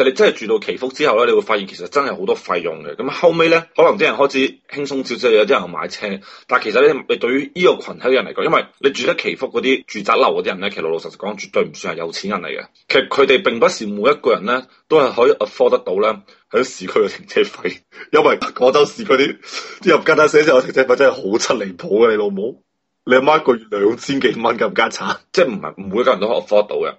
其實你真係住到祈福之後咧，你會發現其實真係好多費用嘅。咁後尾咧，可能啲人開始輕鬆少少，有啲人買車。但係其實咧，你對於呢個群體嘅人嚟講，因為你住得祈福嗰啲住宅樓嗰啲人咧，其實老老實實講，絕對唔算係有錢人嚟嘅。其實佢哋並不是每一個人咧，都係可以 afford 得到咧喺市區嘅停車費。因為廣州市區啲入咁家產，寫上個停車費真係好七離譜嘅、啊。你老母，你阿媽一個月兩千幾蚊咁家產， 即係唔係每一個人都可以 afford 到嘅。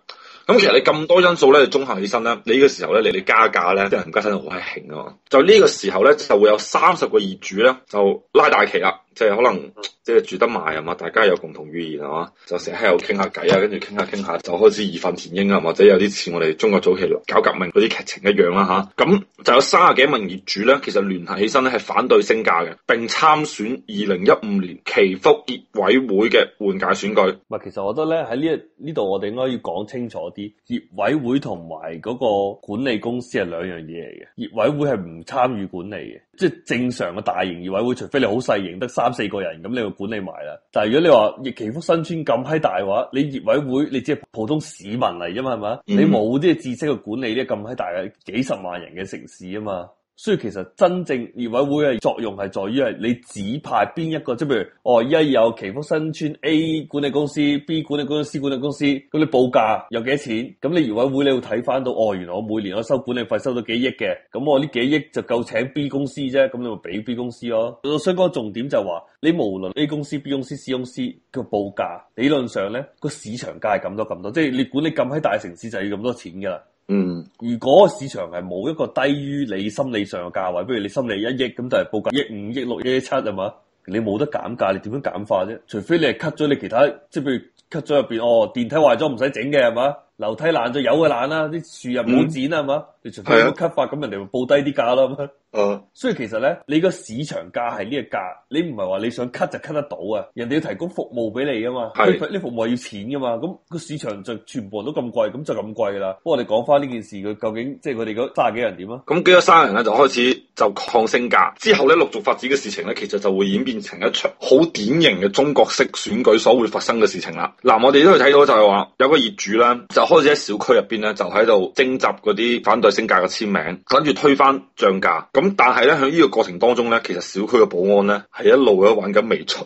咁其實你咁多因素咧，綜合起身咧，你呢，你這個時候咧，你你加價咧，啲人加親都唔係好閪興噶嘛。就呢個時候咧，就會有三十個業主咧，就拉大旗啦。即係可能即係住得埋吖嘛，大家有共同語言係嘛，就成日喺度傾下偈啊，跟住傾下傾下就開始義憤填膺啊，或者有啲似我哋中國早期搞革命嗰啲劇情一樣啦吓。咁就有三十幾名業主咧，其實聯合起身咧係反對升價嘅，並參選二零一五年祈福業委會嘅換屆選舉。係，其實我覺得咧喺呢呢度我哋應該要講清楚啲，業委會同埋嗰個管理公司係兩樣嘢嚟嘅。業委會係唔參與管理嘅，即係正常嘅大型業委會，除非你好細型得。三四個人咁你就管理埋啦，但係如果你話易祈福新村咁閪大嘅話，你業委會你只係普通市民嚟啫嘛係嘛？嗯、你冇啲知識去管理啲咁閪大嘅幾十萬人嘅城市啊嘛～所以其實真正業委會嘅作用係在於係你指派邊一個，即譬如哦，依家有祈福新村 A 管理公司、B 管理公司、C 管理公司，咁你報價有幾多錢？咁你業委會你要睇翻到哦，原來我每年我收管理費收到幾億嘅，咁我呢幾億就夠請 B 公司啫，咁你咪俾 B 公司咯、哦。我想講重點就話、是，你無論 A 公司、B 公司、C 公司嘅報價，理論上咧、個市場價係咁多咁多，即係你管理咁喺大城市就要咁多錢㗎啦。嗯，如果市場係冇一個低於你心理上嘅價位，譬如你心理一億咁，就係報價億五億六億七係嘛，你冇得減價，你點樣減法啫？除非你係 cut 咗你其他，即係譬如 cut 咗入邊哦，電梯壞咗唔使整嘅係嘛？樓梯爛就有嘅爛啦，啲樹又冇剪啊嘛，你除非冇 cut 法，咁人哋會報低啲價啦咁啊。所以其實咧，你個市場價係呢個價，你唔係話你想 cut 就 cut 得到啊。人哋要提供服務俾你啊嘛，呢係服務要錢噶嘛，咁個市場就全部都咁貴，咁就咁貴啦。不過我哋講翻呢件事，佢究竟即係佢哋嗰卅幾人點啊？咁幾多卅人咧就開始就抗升價，之後咧陸續發展嘅事情咧，其實就會演變成一場好典型嘅中國式選舉所會發生嘅事情啦。嗱，我哋都係睇到就係話有個業主咧就。開始喺小區入邊咧，就喺度徵集嗰啲反對升價嘅簽名，等住推翻漲價。咁但係咧喺呢個過程當中咧，其實小區嘅保安咧係一路喺度玩緊微除。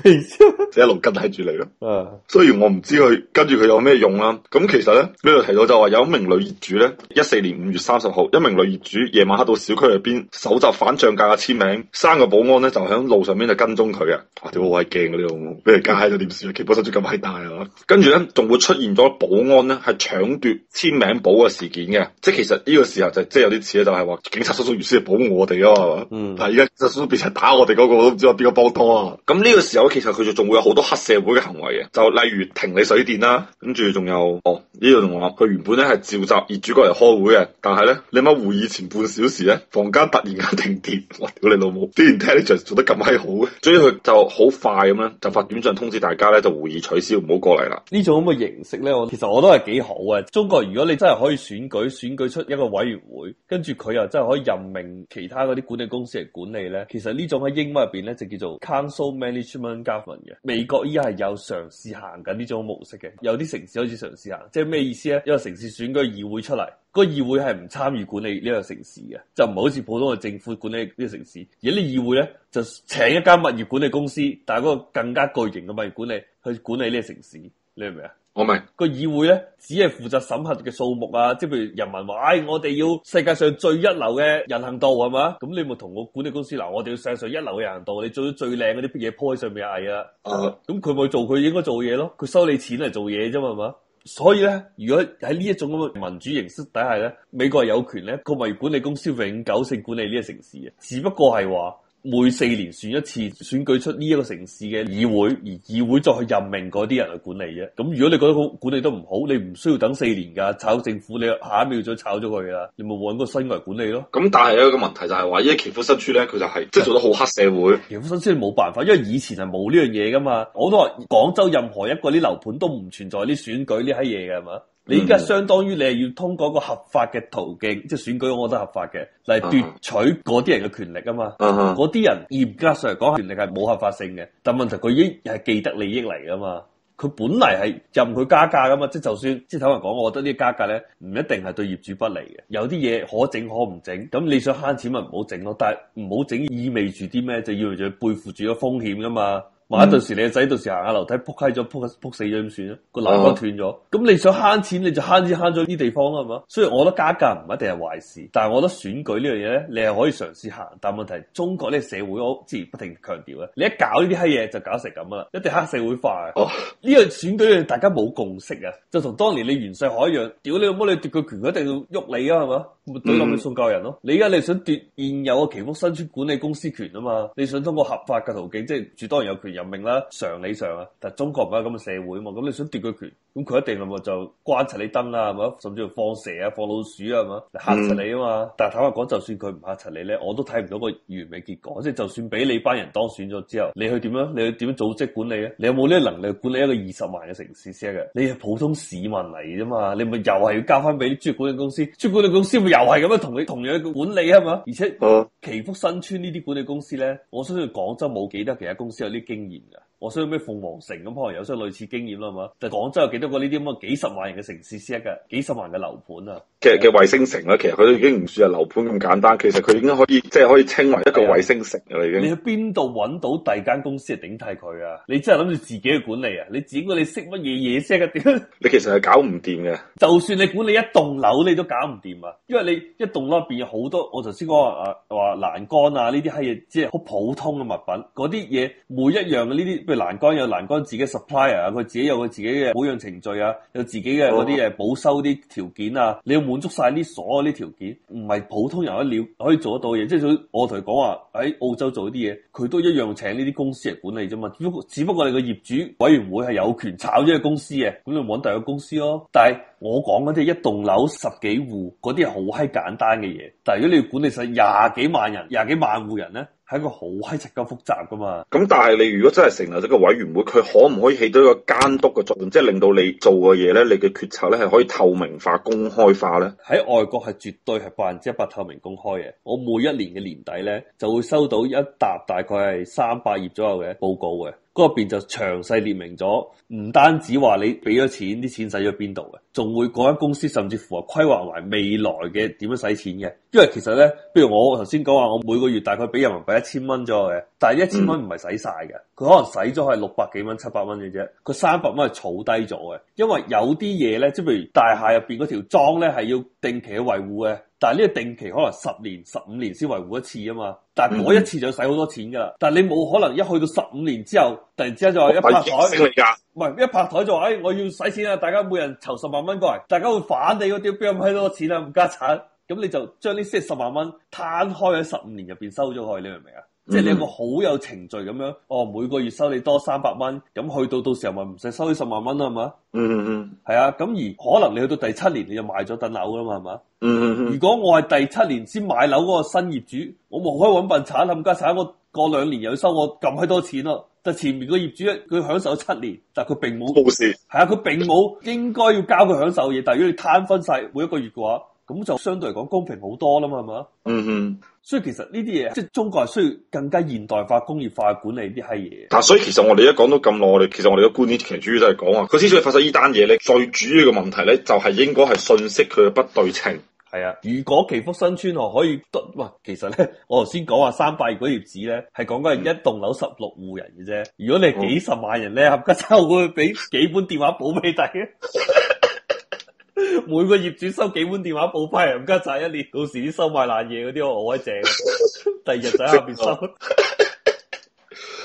就 一路跟睇住嚟咯，雖然 k ric an 我唔知佢跟住佢有咩用啦。咁其實咧呢度提到就話有一名女業主咧，一四年五月三十號，一名女業主夜晚黑到小區入邊搜集反漲價嘅簽名，三個保安咧就喺路上邊就跟蹤佢啊。屌我係驚嘅呢度，咩街就點算啊？企波身柱咁閪大啊！跟住咧仲會出現咗保安咧係搶奪簽名簿嘅事件嘅，即係其實呢個時候就即係有啲似咧就係話警察叔叔原先係保護我哋啊嘛，嗯、但係而家叔叔變成打我哋嗰個都唔知話邊個幫拖啊！咁、這、呢個時候。其實佢就仲會有好多黑社會嘅行為嘅，就例如停你水電啦，跟住仲有哦，呢度仲話佢原本咧係召集業主過嚟開會嘅，但係咧你媽會議前半小時咧，房間突然間停電，我屌你老母，竟然聽你場做得咁閪好嘅，所以佢就好快咁樣就發短信通知大家咧就會議取消，唔好過嚟啦。呢種咁嘅形式咧，我其實我都係幾好嘅。中國如果你真係可以選舉，選舉出一個委員會，跟住佢又真係可以任命其他嗰啲管理公司嚟管理咧，其實呢種喺英文入邊咧就叫做 Council Management。加份嘅，美國依家係有嘗試行緊呢種模式嘅，有啲城市開始嘗試行，即係咩意思呢？一個城市選舉議會出嚟，個議會係唔參與管理呢個城市嘅，就唔好似普通嘅政府管理呢個城市，而呢個議會呢，就請一間物業管理公司，但係嗰個更加巨型嘅物業管理去管理呢個城市，你明唔明啊？個議會咧，只係負責審核嘅數目啊，即係譬如人民話，唉、哎，我哋要世界上最一流嘅人行道係嘛，咁你咪同我管理公司，嗱，我哋要世界上一流嘅人行道，你做咗最靚嗰啲嘢，鋪喺上面嗌啊，咁佢咪做佢應該做嘢咯，佢收你錢嚟做嘢啫嘛，所以咧，如果喺呢一種咁嘅民主形式底下咧，美國係有權咧，佢咪管理公司永久性管理呢個城市嘅，只不過係話。每四年選一次選舉出呢一個城市嘅議會，而議會再去任命嗰啲人嚟管理啫。咁如果你覺得管理得唔好，你唔需要等四年噶，炒政府你下一秒就炒咗佢啦，你咪搵個新嘅嚟管理咯。咁但係有一個問題就係話，因為祈福新村咧，佢就係即係做得好黑社會。祈福新村冇辦法，因為以前係冇呢樣嘢噶嘛。我都話廣州任何一個啲樓盤都唔存在啲選舉呢啲嘢嘅係嘛。你依家相當於你係要通過一個合法嘅途徑，即係選舉我、uh huh. 家家，我覺得合法嘅嚟奪取嗰啲人嘅權力啊嘛。嗰啲人嚴格上嚟講，權力係冇合法性嘅。但係問題佢已經係既得利益嚟噶嘛，佢本嚟係任佢加價噶嘛。即係就算即係坦白講，我覺得呢個加價咧唔一定係對業主不利嘅。有啲嘢可整可唔整，咁你想慳錢咪唔好整咯。但係唔好整意味住啲咩？就意味住背負住咗風險噶嘛。買、嗯、到時你個仔到時行下樓梯扑嘿咗扑扑死咗點算？斷啊個欄杆斷咗，咁你想慳錢你就慳錢，慳咗啲地方啊，係嘛。雖然我覺得加價唔一定係壞事，但係我覺得選舉呢樣嘢咧，你係可以嘗試行，但係問題中國呢社會，我之前不停強調嘅，你一搞呢啲嘿嘢就搞成咁噶一定黑社會化呢、啊、個選舉大家冇共識啊，就同當年你袁世凱一樣，屌你老母，你奪個權一定要喐你啊，係嘛，對唔咪宋教仁咯、嗯、你而家你想奪現有嘅祈福新邨管理公司權啊嘛，你想通過合法嘅途徑，即係住當然有權任命啦，常理上啊，但係中國唔係咁嘅社會啊嘛，咁你想奪佢權，咁佢一定係咪就關齊你燈啦、啊，係咪？甚至放蛇啊，放老鼠啊，係咪？吓齊、嗯、你啊嘛，但係坦白講，就算佢唔吓齊你咧，我都睇唔到個完美結果。即、就、係、是、就算俾你班人當選咗之後，你去點樣？你去點樣組織管理咧？你有冇呢個能力管理一個二十萬嘅城市先嘅？你係普通市民嚟啫嘛，你咪又係要交翻俾專業管理公司，專業管理公司咪又係咁樣同你同樣嘅管理係嘛？而且、嗯、祈福新村呢啲管理公司咧，我相信廣州冇幾多其他公司有啲經驗。我需要咩？鳳凰城咁可能有相類似經驗啦，係嘛？但係廣州有幾多個呢啲咁嘅幾十萬人嘅城市先，一個幾十萬人嘅樓盤啊！嘅嘅衛星城咧，其實佢都已經唔算係樓盤咁簡單，其實佢已經可以即係可以稱為一個衛星城噶啦已經。你去邊度揾到第二間公司頂替佢啊？你真係諗住自己去管理啊？你自己過你識乜嘢嘢先啊？點？你其實係搞唔掂嘅。就算你管理一棟樓，你都搞唔掂啊，因為你一棟樓入邊有好多，我頭先講話啊話欄杆啊呢啲係嘢，即係好普通嘅物品，嗰啲嘢每一樣嘅呢啲，譬如欄杆有欄杆自己 supplier 佢自己有佢自己嘅保養程序啊，有自己嘅嗰啲誒保修啲條件啊，啊你。滿足晒呢所有呢條件，唔係普通人一料可以做得到嘢。即係我同佢講話喺澳洲做啲嘢，佢都一樣請呢啲公司嚟管理啫嘛。只不過，只不過你個業主委員會係有權炒咗個公司嘅，咁就搵第二個公司咯。但係我講嘅即係一棟樓十幾戶嗰啲係好閪簡單嘅嘢。但係如果你要管理晒廿幾萬人、廿幾萬戶人咧，係一個好閪直咁複雜噶嘛？咁但係你如果真係成立咗個委員會，佢可唔可以起到一個監督嘅作用，即係令到你做嘅嘢咧，你嘅決策咧係可以透明化、公開化咧？喺外國係絕對係百分之一百透明公開嘅。我每一年嘅年底咧就會收到一沓大概係三百頁左右嘅報告嘅。嗰邊就詳細列明咗，唔單止話你俾咗錢，啲錢使咗邊度嘅，仲會嗰間公司甚至乎係規劃埋未來嘅點樣使錢嘅。因為其實咧，譬如我頭先講話，我每個月大概俾人民幣一千蚊左右嘅，但係一千蚊唔係使晒嘅，佢、嗯、可能使咗係六百幾蚊、七百蚊嘅啫，佢三百蚊係儲低咗嘅。因為有啲嘢咧，即係譬如大廈入邊嗰條樁咧，係要定期去維護嘅。但係呢個定期可能十年、十五年先維護一次啊嘛，但係嗰一次就使好多錢噶啦。嗯、但係你冇可能一去到十五年之後，突然之間就話一拍枱，唔係一拍枱就話，哎，我要使錢啊！大家每人籌十萬蚊過嚟，大家會反你㗎，屌邊有咁多錢啊？唔加產，咁你就將呢啲十萬蚊攤開喺十五年入邊收咗去，你明唔明啊？即係你有一個好有程序咁樣，哦，每個月收你多三百蚊，咁去到到時候咪唔使收你十萬蚊啦，係嘛？嗯嗯嗯，係 啊，咁而可能你去到第七年，你就賣咗棟樓噶嘛，係嘛？嗯嗯嗯。 如果我係第七年先買樓嗰個新業主，我冇可以搵份產冧家產，我過兩年又要收我咁閪多錢咯。但前面個業主佢享受咗七年，但係佢並冇，到時。係 啊，佢並冇應該要交佢享受嘅嘢。但係如果你攤分晒每一個月嘅話。咁就相對嚟講公平好多啦嘛，係嘛？嗯嗯、mm。Hmm. 所以其實呢啲嘢，即、就、係、是、中國係需要更加現代化、工業化管理呢啲嘢。但所以其實我哋一講到咁耐，我哋其實我哋嘅觀點其實主要都係講話，佢之所以發生呢單嘢咧，最主要嘅問題咧就係應該係信息佢嘅不對稱。係啊。如果祈福新村何可以得？唔其實咧我頭先講話三百嗰頁紙咧，係講緊係一棟樓十六戶人嘅啫。如果你係幾十萬人咧，就、嗯、會俾幾本電話簿俾你睇啊！每個業主收幾本電話簿翻嚟，唔該晒一年，到時啲收買爛嘢嗰啲我愛正，第二日就喺下邊收。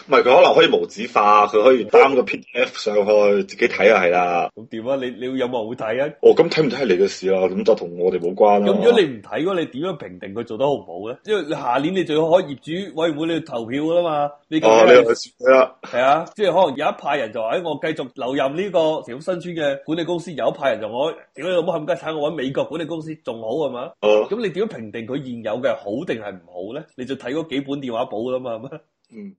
唔係佢可能可以無紙化，佢可以擔個 PDF 上去自己睇下係啦。咁點啊？你你有冇人會睇啊？哦、啊，咁睇唔睇係你嘅事咯，咁就同我哋冇關啦。咁如果你唔睇，嗰你點樣評定佢做得好唔好咧？因為你下年你最好開業主委員會你要投票噶啦嘛。哦、啊，你又係啦，係啊，即係可能有一派人就話：誒、哎，我繼續留任呢個祈福新邨嘅管理公司；有一派人就我屌你老母冚家鏟，我搵美國管理公司仲好係嘛？咁、啊、你點樣評定佢現有嘅好定係唔好咧？你就睇嗰幾本電話簿噶嘛，係咪？嗯。